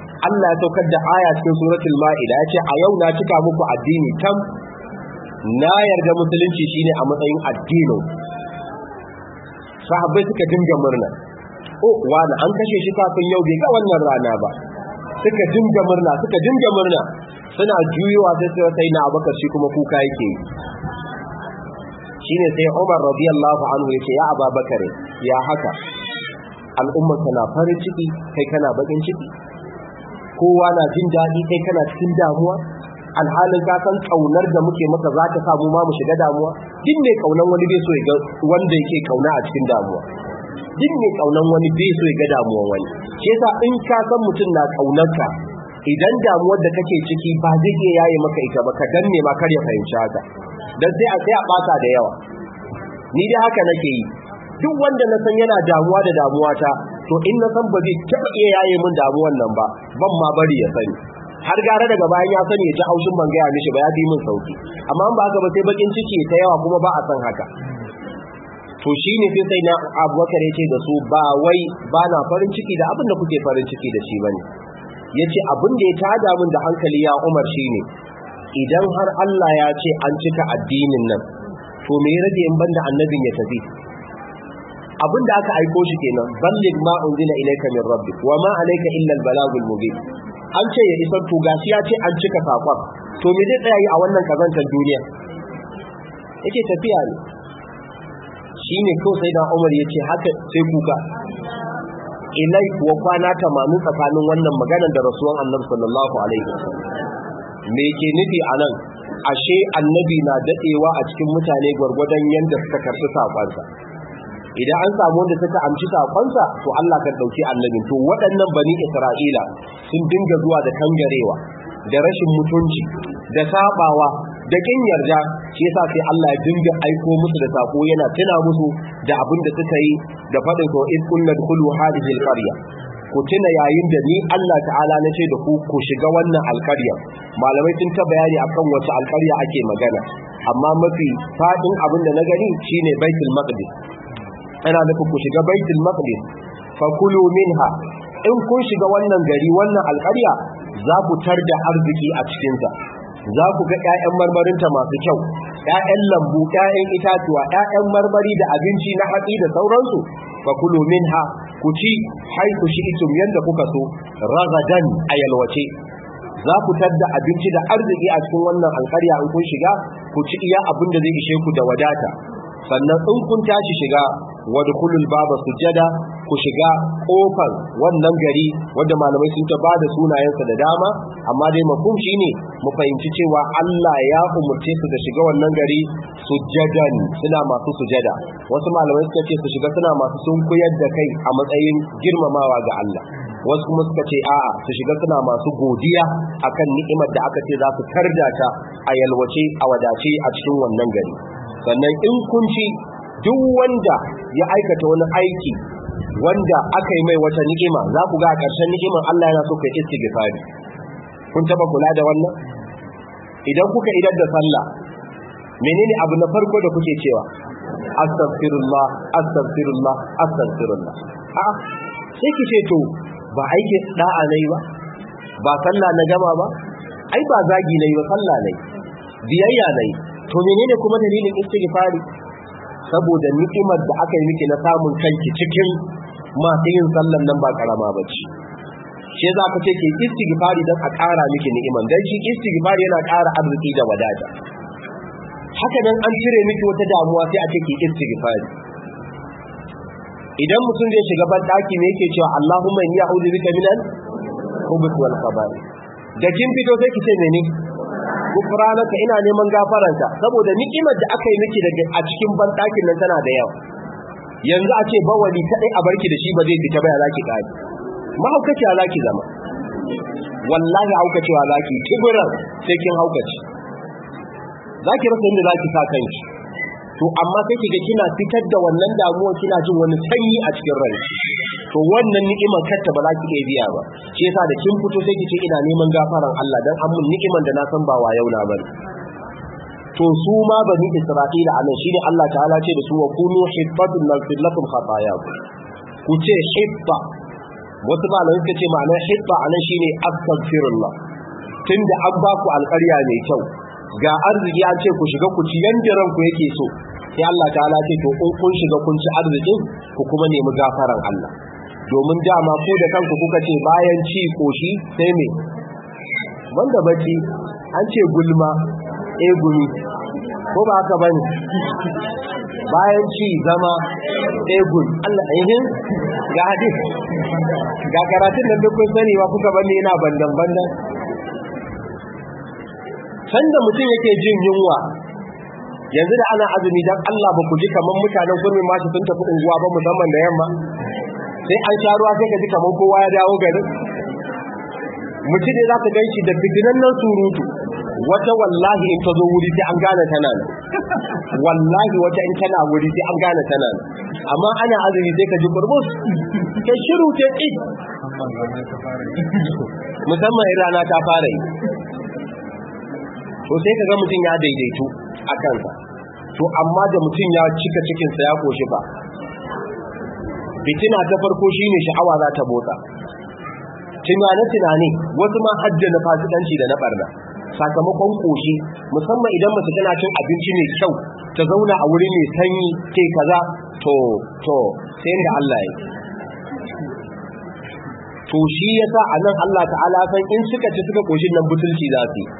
alaihi wasallam ya ce Allah ya saukar da aya cikin suratul ma'ida ya ce a yau na cika muku addini tam na yarda musulunci shine a matsayin addini sahabbai suka dinga murna oh wani an kashe shi kafin yau bai ga wannan rana ba suka dinga murna suka dinga murna suna juyowa sai sai sai na abakar shi kuma kuka yake yi shine sai Umar radiyallahu anhu ce ya Ababakar ya haka al'umma tana farin ciki kai kana bakin ciki kowa na jin daɗi kai kana cikin damuwa alhalin ka san kaunar da muke maka za ta samu ma mu shiga damuwa din ne kaunar wani bai so ya ga wanda yake kauna a cikin damuwa Jin ne kaunan wani bai so ya ga damuwar wani shi yasa in ka san mutum na kaunarka idan damuwar da kake ciki ba zai iya yaye maka ita ba ka danne ma kar ya fahimci haka dan sai a sai a bata da yawa ni dai haka nake yi duk wanda na san yana damuwa da damuwa ta to in na san ba zai iya yaye min damuwar nan ba ban ma bari ya sani har gara daga bayan ya sani ya ji haushin ban gaya mishi ba ya fi min sauki amma ba haka ba sai bakin ciki ta yawa kuma ba a san haka to shi ne fi sai na abubakar ya ce da su ba wai ba na farin ciki da abin da kuke farin ciki da shi bane ya ce abin da ya tada min da hankali ya umar shi ne idan har Allah ya ce an cika addinin nan to me ya rage in banda annabin ya tafi abin da aka aiko shi kenan ballig ma unzila ilayka min rabbik wa ma alayka illa al balagul mubin an ce ya isar to gashi ya ce an cika sakon to me zai tsaya yi a wannan kazantar duniya yake tafiya ne Shi ne kawai sai da Umar ya ce haka sai kuka ilai kuwa kwana tamanin tsakanin wannan maganar da rasuwan annabi sallallahu alaihi wasallam me ke nufi a nan ashe annabi na dadewa a cikin mutane gwargwadon yadda suka karɓi sakonsa idan an samu wanda suka amci sakonsa to Allah kan dauki annabin to waɗannan bani Isra'ila sun dinga zuwa da kangarewa da rashin mutunci da sabawa da kin yarda shi yasa sai Allah ya dinga aiko musu da sako yana tuna musu da abin da suka yi da faɗin ko in kullu dkhulu hadhihi alqarya ku tuna yayin da ni Allah ta'ala na ce da ku ku shiga wannan alƙarya malamai sun ta bayani akan wace alƙarya ake magana amma mafi faɗin abin da na gani shine baitul maqdis ana nufin ku shiga baitul maqdis fa kulu minha in kun shiga wannan gari wannan alƙarya za ku tar da arziki a cikinta za ku ga 'ya'yan marmarinta masu kyau 'ya'yan lambu 'ya'yan itatuwa 'ya'yan marmari da abinci na hatsi da sauransu fa kulu minha ku ci haiku shi itum yanda kuka so ragadan a yalwace za ku tadda abinci da arziki a cikin wannan alkarya in kun shiga ku ci iya abin da zai ishe ku da wadata sannan in kun tashi shiga wadkhulul baba sujada ku shiga kofar wannan gari wanda malamai sun ta da sunayensa da dama amma dai mafhum shine mu fahimci cewa Allah ya umurce su da shiga wannan gari sujjadan suna masu sujada wasu malamai suka ce su shiga suna masu sunkuyar da kai a matsayin girmamawa ga Allah wasu kuma suka ce a'a su shiga suna masu godiya akan ni'imar da aka ce za su tarda ta a yalwace a wadace a cikin wannan gari sannan in kunci duk wanda ya aikata wani aiki wanda aka yi mai wata ni'ima za ku ga a ƙarshen ni'iman Allah yana so kai istighfari kun taba kula da wannan idan kuka idar da sallah menene abu na farko da kuke cewa astaghfirullah astaghfirullah astaghfirullah a sai ki ce to ba aiki da'a nayi ba ba sallah na gama ba ai ba zagi nayi ba sallah nayi biyayya nayi to menene kuma dalilin istighfari saboda ni'imar da aka yi miki na samun kanki cikin masu yin sallan nan ba karama ba ce za ka ce ke istighfari don a ƙara miki ni'iman don shi istighfari yana ƙara arziki da wadata haka nan an cire miki wata damuwa sai a ce ke istighfari idan mutum zai shiga ban daki ne yake cewa Allahumma inni a'udhu bika minal khubuth wal khaba'ith da kin fito sai ki ce mene gufuranaka ina neman gafaranka saboda ni'imar da aka yi miki daga a cikin banɗakin nan tana da yawa yanzu a ce bawali kadai a barki da shi ba zai fita ba ya zaki kare mahaukaciya zaki zama wallahi haukacewa zaki kibiran sai kin haukaci zaki rasa inda zaki sa kanki to amma sai kiga kina fitar da wannan damuwa kina jin wani sanyi a cikin rai to wannan ni'imar katta ba za ki iya biya ba shi yasa da kin fito sai kice ina neman gafaran Allah dan an mun ni'imar da na san ba wa yauna bane to su ma bani Isra'ila anan shine Allah ta'ala ce da su wa kunu hibbatun nafsil lakum khatayakum ku ce hibba wasu malamai suka ce ma'anar hibba anan shine astaghfirullah tunda an ba ku alƙarya mai kyau ga arziki an ce ku shiga ku ci yanda ranku yake so sai Allah ta'ala ce to kun shiga kun ci arzikin ku kuma nemi gafaran Allah domin dama ku da kanku kuka ce bayan ci koshi sai me wanda bacci an ce gulma e gumi ko ba haka bane bayan ci zama egun eh, Allah ainihin eh, ga hadis ga karatun da duk kun sani ba kuka bane yana bandan bandan sanda mutum yake jin yunwa yanzu da ana azumi don Allah ba ku ji kaman mutanen gurmi ma sun tafi unguwa ba musamman da yamma sai an sha ruwa sai ka ji kamar kowa ya dawo garin mutum ne za ka gan shi da nan surutu wata wallahi in ta zo wuri sai an gane tana nan wallahi wata in tana wuri sai an gane tana nan amma ana azumi sai ka ji kurbus ka shiru ta ƙi musamman in rana ta fara yi to sai ka ga mutum ya daidaito a kansa to amma da mutum ya cika cikinsa ya koshi ba fitina ta farko shi ne sha'awa za ta motsa tunane-tunane wasu ma na fasikanci da na barna sakamakon koshi musamman idan mace tana cin abinci mai kyau ta zauna a wuri mai sanyi ke kaza to to sai da Allah ya to shi yasa nan Allah ta'ala san in suka ci suka koshin nan butulci za su yi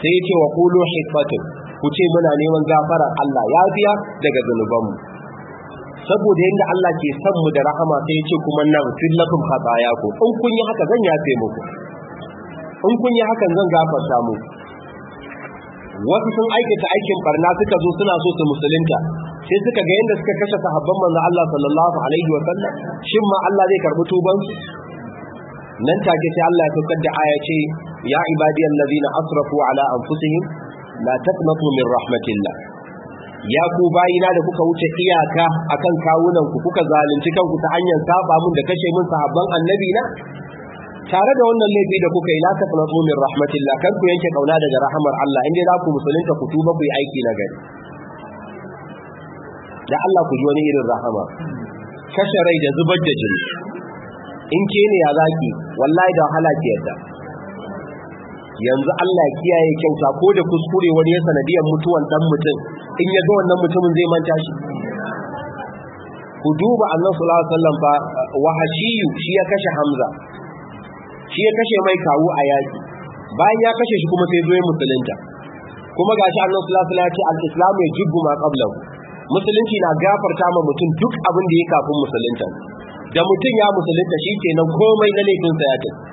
sai ce wa qulu hifatun ku ce muna neman gafarar Allah ya biya daga zunubanmu. saboda yadda Allah ke san mu da rahama sai ce kuma na fillakum khatayaku in kun yi haka zan yafe muku in kun yi hakan zan gafarta mu. wasu sun aikata aikin barna suka zo suna so su musulunta sai suka ga yadda suka kashe sahabban manzo Allah sallallahu alaihi wa sallam shin ma Allah zai karbi tuban nan take sai Allah ya saukar da aya ce ya ibadiyal ladina asrafu ala anfusihim la taqnatu min rahmatillah ya ku bayina da kuka wuce iyaka akan kawunan ku kuka zalunci kanku ta hanyar saba mun da kashe mun sahabban annabi na tare da wannan laifi da kuka yi la taqnatu min rahmatillah kan ku yanke kauna daga rahmar Allah inda za ku musulunta ku tuba ku yi aiki na gari da Allah ku ji wani irin rahama kashe rai da zubar da jini in ke ne ya zaki wallahi da wahala ki yadda yanzu Allah ya kiyaye kyauta ko da kuskure wani ya sanadiyar mutuwan dan mutum in ya ga wannan mutumin zai manta shi ku duba annabi sallallahu alaihi wasallam fa wahashiyu shi ya kashe Hamza shi ya kashe mai kawo a yaki bayan ya kashe shi kuma sai zo ya musulunta kuma gashi annabi sallallahu alaihi wasallam ya ce al-islamu yajibu ma qablahu musulunci na gafarta ma mutum duk abin da ya kafin musulunta da mutum ya musulunta shi kenan komai na laifinsa ya tafi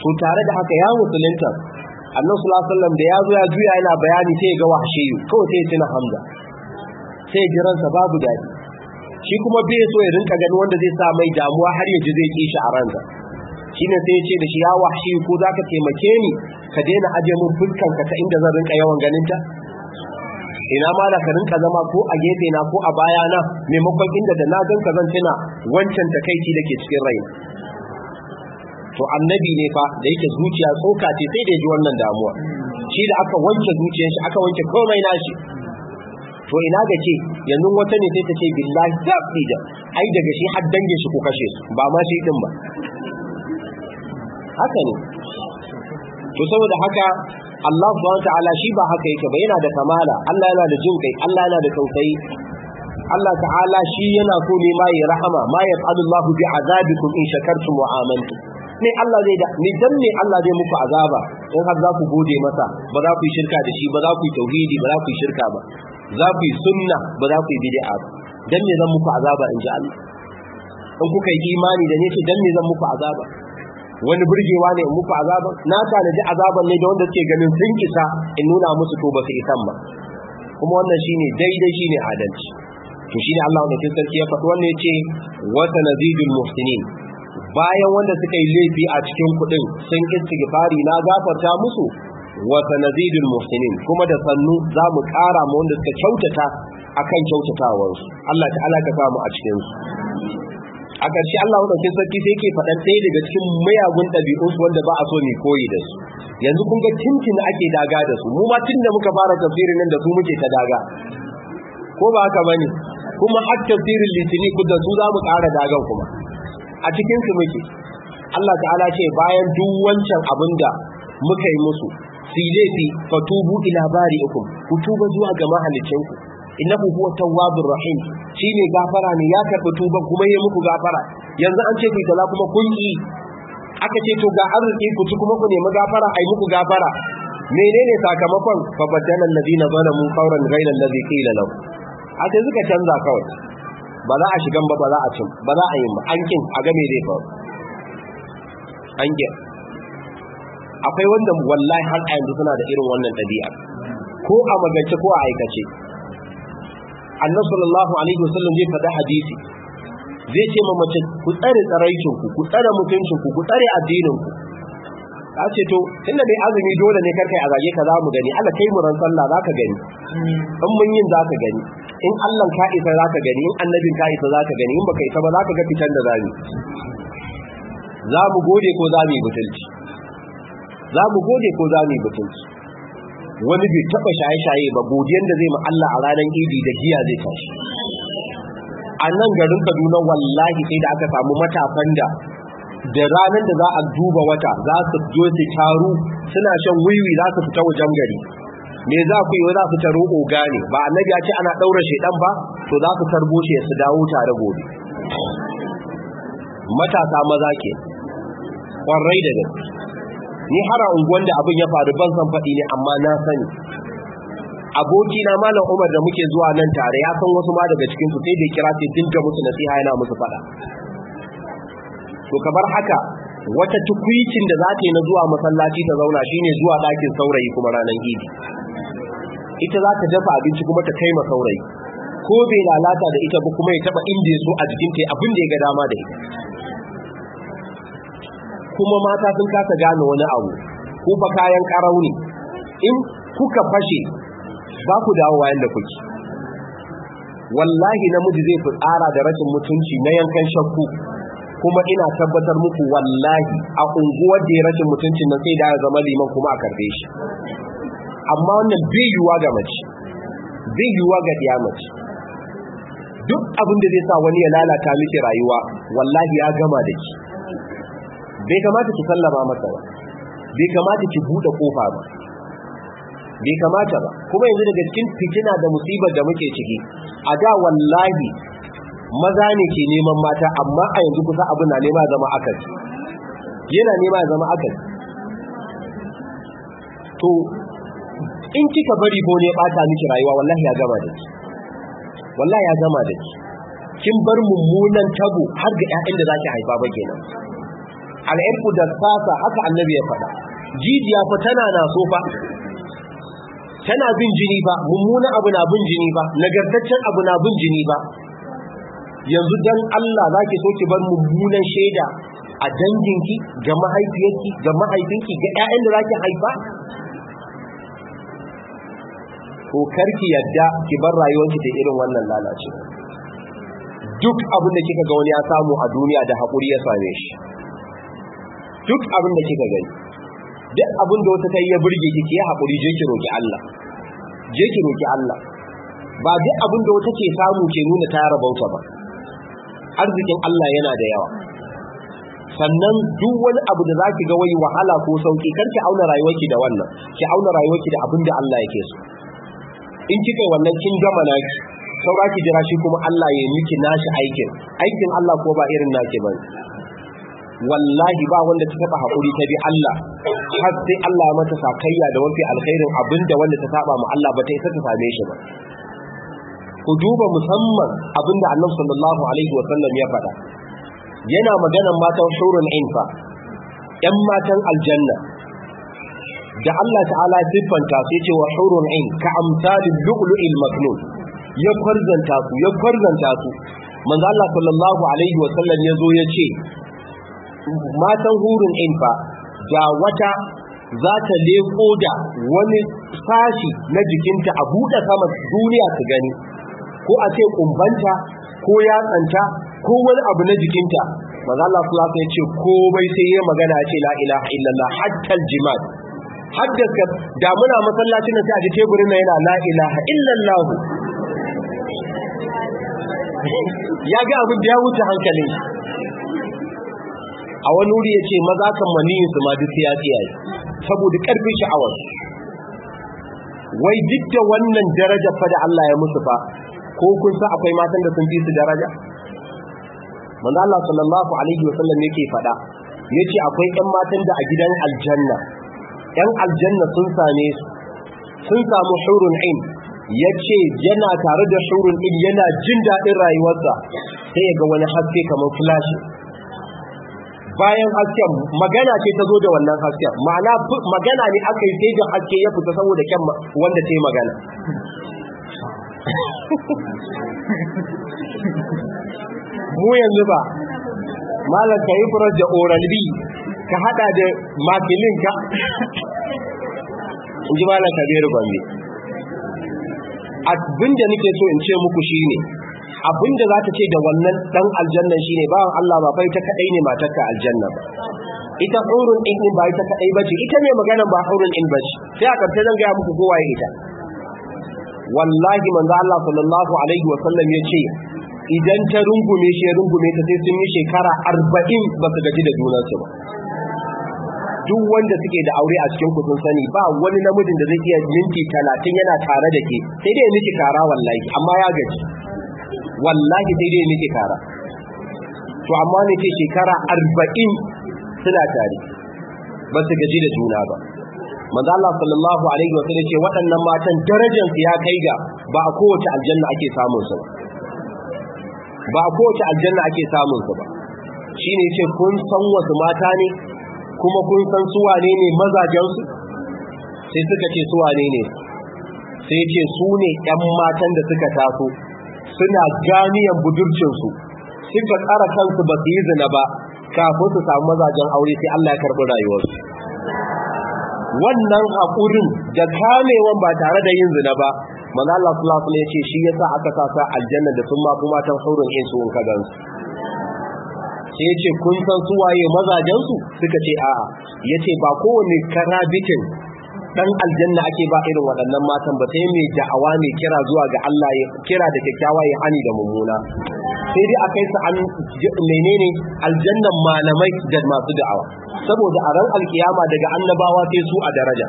to tare da haka ya musulunta annabi sallallahu alaihi da ya zo ya juya yana bayani sai ga wahshi kawai sai tuna hamza sai jiransa babu dadi shi kuma bai so ya rinka gani wanda zai sa mai damuwa har ya ji zai kishi a ransa shine sai ya ce da shi ya wahshi ko zaka taimake ni ka daina aje mun fulkan ka ta inda zan rinka yawan ganin ta ina ma da ka rinka zama ko a gefe na ko a baya na maimakon inda da na ganka zan tuna wancan takaici da ke cikin raina to annabi ne fa da yake zuciya tsoka ce sai da ji wannan damuwa shi da aka wanke zuciyar shi aka wanke komai nashi to ina ga ce yanzu wata ne sai ta ce billahi tabbi da ai daga shi har dange shi ko kashe su ba ma shi din ba haka ne to saboda haka Allah subhanahu ta'ala shi ba haka yake ba yana da kamala Allah yana da jin kai Allah yana da tausayi Allah ta'ala shi yana so ne ma ya rahama ma ya bi azabikum in shakartum wa amantum me Allah zai da me dan me Allah zai muku azaba in har za ku gode masa ba za ku yi shirka da shi ba za ku yi tauhidi ba za ku yi shirka ba za ku yi sunna ba za ku yi bid'a ba dan ne zan muku azaba in ji Allah in kuka yi imani da ne ce dan ne zan muku azaba wani burgewa ne in muku azaban na tanaji azaban ne da wanda suke ganin sun kisa in nuna musu to ba su isan ba kuma wannan shine daidai shine adalci to shine Allah ne sarki ya faɗi wannan yace wa sanazidul muhsinin bayan wanda suka yi laifi a cikin kuɗin sun istighfari na gafarta musu wa sanazidul muhsinin kuma da sannu za mu ƙara mu wanda suka kyautata akan kyautatawarsu Allah ta ka samu a cikin su a ƙarshe Allah madaukakin sarki sai yake faɗan ɗaya daga cikin mayagun ɗabi'unsu wanda ba a so mu koyi da su yanzu kun ga tintin ake daga da su mu ma tun da muka fara tafsirin nan da su muke ta daga ko ba haka bane kuma har tafsirin litini ku da su za mu ƙara dagan kuma a cikin su muke Allah ta'ala ce bayan duk wancan abin da muka yi musu su yi laifi fa tubu ila bari'ikum ku tuba zuwa ga mahalicinku innahu huwa tawwabur rahim Shi ne gafara ne ya karɓi tuba kuma yi muku gafara yanzu an ce ku tala kuma kun yi aka ce to ga arziki ku ci kuma ku nemi gafara ai muku gafara menene sakamakon fa badana alladhina zalamu qawlan ghayra alladhi qila lahum a sai suka canza kawai ba za a shigan ba ba za a cin ba za a yi ba an kin a game da ba an kin akwai wanda wallahi har a yanzu suna da irin wannan ɗabi'a ko a magance ko a aikace annabi sallallahu alaihi wasallam zai faɗa hadisi zai ce ma mace ku tsare tsaraicin ku ku tsare mutuncin ku ku tsare addinin ku ta ce to tunda dai azumi dole ne karkai a zage ka za mu gani Allah kai mu ran sallah za ka gani in mun yin za ka gani in Allah ka isa ka gani in annabin ka isa ka gani in baka isa ba ka ga fitan da zamu za mu gode ko za mu butulci za mu gode ko za butulci wani bai taba shaye-shaye ba godiyan da zai ma Allah a ranar idi da jiya zai tashi a nan garin Kaduna wallahi sai da aka samu matafan da da ranar da za a duba wata za su zo su taru suna shan wiwi za su fita wajen gari me za ku yi za su taro oga ne ba annabi ya ce ana daura shedan ba to za su tarbo shi ya su dawo tare gobe matasa maza ke kwarai da gaske ni har unguwan da abin ya faru ban san faɗi ne amma na sani aboki na malam Umar da muke zuwa nan tare ya san wasu ma daga cikin su sai da kira sai dinka musu nasiha yana musu faɗa to kamar haka wata tukwicin da za ta yi na zuwa masallaci ta zauna shine zuwa ɗakin saurayi kuma ranar idi ita za ta dafa abinci kuma ta kai saurayi ko bai lalata da ita ba kuma ya taba inda ya so a jikin ta abin da ya ga dama da ita kuma mata sun kasa gane wani abu ko fa kayan karauni in kuka fashe ba ku dawo wayan da kuke wallahi namiji zai fi tsara da rashin mutunci na yankan shakku kuma ina tabbatar muku wallahi a unguwar da ya rashin mutuncin nan sai da ya zama liman kuma a karbe shi amma wannan bai yiwuwa ga mace bai yiwuwa ga ɗiya mace duk abin da zai sa wani ya lalata miki rayuwa wallahi ya gama da ki bai kamata ki sallama masa ba bai kamata ki buɗe kofa ba bai kamata ba kuma yanzu daga cikin fitina da musibar da muke ciki a da wallahi maza ne ke neman mata amma a yanzu kusa abu na nema zama akasi yana nema zama akasi to in kika bari ko ya bata miki rayuwa wallahi ya gama da ki wallahi ya gama da ki kin bar mummunan tabo har ga ƴaƴan da zaki haifa ba kenan al'irku da sasa haka annabi ya faɗa jijiya fa tana na so fa tana bin jini ba mummuna abu na bin jini ba nagartaccen abu na bin jini ba yanzu dan Allah zaki so ki bar mummunan shaida a danginki ga mahaifiyarki ga mahaifinki ga ƴaƴan da zaki haifa ko karki yadda ki bar rayuwarki da irin wannan lalace duk abin da kika ga wani ya samu a duniya da haƙuri ya same shi duk abin da kika gani duk abin da wata ta yi ya burge ki ki haƙuri je ki roki Allah je ki roki Allah ba duk abin da wata ke samu ke nuna ta rabauta ba arzikin Allah yana da yawa sannan duk wani abu da zaki ga wai wahala ko sauki kar ki auna rayuwarki da wannan ki auna rayuwarki da abin da Allah yake so in kika wannan kin gama naki saura ki jira shi kuma Allah ya miki nashi aikin aikin Allah ko ba irin naki ba wallahi ba wanda ta taba hakuri ta bi Allah har sai Allah ya mata sakayya da wafi alkhairin abinda wanda ta saba mu Allah ba ta isa ta same shi ba ku duba musamman abinda Annabi sallallahu alaihi wa sallam ya faɗa yana maganan matan shurun infa yan matan aljanna da Allah ta'ala siffanta su ce wa hurun ain ka amsalil lu'lu'il maknun ya kwarzanta su ya kwarzanta su manzo Allah sallallahu alaihi wa sallam yazo ya ce matan hurun ain fa da wata za ta leko da wani sashi na jikinta a buɗe sama duniya su gani ko a ce kumbanta ko yatsanta ko wani abu na jikinta manzo Allah sallallahu alaihi wa sallam ya ce komai sai ya magana ya ce la ilaha illallah hatta haddaka da muna masallacin da sai a ji teburin na yana la ilaha illallah ya ga abu da ya wuce hankalin a wani wuri ya ce maza kan maniyin su ma duk ya tsiyaye saboda karfin sha'awar wai duk da wannan daraja fa da Allah ya musu fa ko kun san akwai matan da sun bi su daraja manzo Allah sallallahu alaihi wasallam yake fada yace akwai ƴan matan da a gidan aljanna yan aljanna sun same su sun samu hurun in ya ce yana tare da hurun in yana jin daɗin rayuwarsa sai ya ga wani haske kamar flashe bayan hasken magana ce ta zo da wannan hasken ma'ana magana ne aka yi sai da haske ya fita saboda kyan wanda ta yi magana mu yanzu ba malam ka yi furar da oral bi ka hada da makilin ka in ji malam kabiru gombe abin da nake so in ce muku ne abin da za ta ce da wannan dan aljannan shine bawan Allah ba bai ta kadai ne matar ka aljanna ba ita hurun in ba ita kadai ce, ita mai magana ba hurun in ba ce. sai a karshe zan ga muku kowa ita wallahi manzo Allah sallallahu alaihi wa sallam ce, idan ta rungume shi ya rungume ta sai sun yi shekara 40 ba su gaji da junansu ba duk wanda suke da aure a cikin ku sun sani ba wani namijin da zai iya minti talatin yana tare da ke sai dai miki kara wallahi amma ya gaji wallahi sai dai miki kara to amma ne ce shekara arba'in suna tare ba su gaji da juna ba manzo Allah sallallahu alaihi wa sallam ce waɗannan matan darajar su ya kai ga ba a kowace aljanna ake samun su ba a kowace aljanna ake samun su ba shine ce kun san wasu mata ne kuma kun san su wane ne mazajensu sai suka ce su wane ne sai ce su ne ‘yan matan da suka taso suna ganiyan budurcinsu suka ƙara kansu ba su yi zina ba kafin su samu mazajen aure sai Allah ya karɓi rayuwarsu wannan haƙurin da kamewan ba tare da yin zina ba manzo Allah sallallahu alaihi ya ce shi yasa aka sa aljanna da sun ma kuma tan saurin in su in ka gansu sai ya ce kun san su waye mazajensu suka ce a'a ya ce ba kowane kara bikin dan aljanna ake ba irin waɗannan matan ba sai mai da'awa mai kira zuwa ga Allah ya kira da kyakkyawa ya hani da mummuna sai dai akai su an menene aljannan malamai da masu da'awa saboda a ran alkiyama daga annabawa sai su a daraja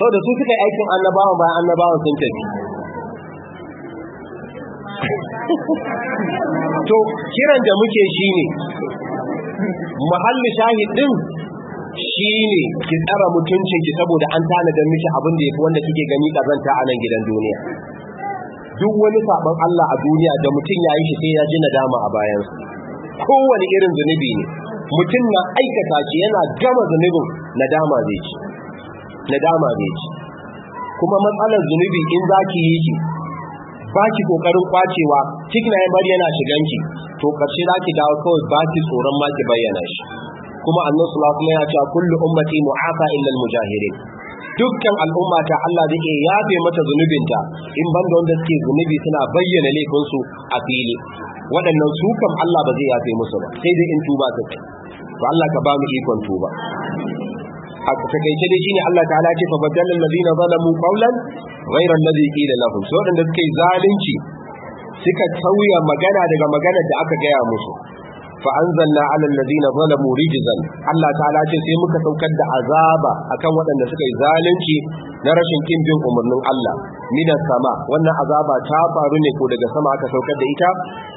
saboda su suka yi aikin annabawa bayan annabawa sun tafi to kiran da muke shi ne mahalli shahid din shi ne ki tsara mutuncin ki saboda an tanadar miki abin da yafi wanda kike gani kazanta a nan gidan duniya duk wani sabon Allah a duniya da mutum ya yi shi sai ya ji nadama a bayansu. kowane irin zunubi ne mutum na aikata shi yana gama zunubin nadama zai ci nadama zai ci kuma matsalar zunubi in zaki yi shi ba ki kokarin kwacewa cikna ya bari yana shiganki to karshe za ki dawo kawai ba ki tsoron ma ki bayyana shi kuma annabi sallallahu alaihi wasallam ya ce kullu ummati mu'afa illa al-mujahirin dukkan al'umma ta Allah zai iya yafe mata zunubinta in banda da wanda suke zunubi suna bayyana laifinsu a fili waɗannan su kam Allah ba zai yafe musu ba sai dai in tuba su kai to Allah ka ba mu ikon tuba a takaice dai shine Allah ta'ala ce fa badal allazina zalamu qawlan ghayra allazi qila lahum so wadanda suka yi zalunci suka tauya magana daga magana da aka gaya musu fa anzalna ala allazina zalamu rijzan Allah ta'ala ce sai muka saukar da azaba akan waɗanda suka yi zalunci na rashin kin bin umarnin Allah minas sama wannan azaba ta faru ne ko daga sama aka saukar da ita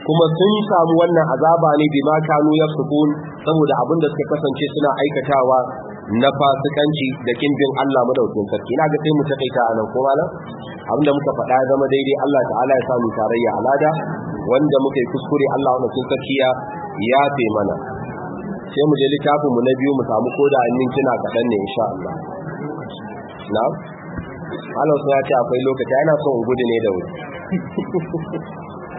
kuma sun samu wannan azaba ne bima kanu yafsukun saboda abin da suka kasance suna aikatawa na fasikanci da kimbin Allah madaukin sarki ina ga sai mu takaita a nan ko malam abinda muka faɗa ya zama daidai Allah ta'ala ya samu tarayya alada wanda muka yi kuskure Allah madaukin sarki ya yafe mana sai mu je littafin mu na biyu mu samu koda an kina kaɗan ne insha Allah na'am Allah ya ce akwai lokaci yana son gudu ne da wuri